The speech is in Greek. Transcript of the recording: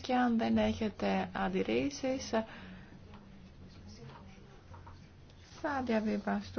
και αν δεν έχετε αντιρρήσεις θα διαβιβαστούν.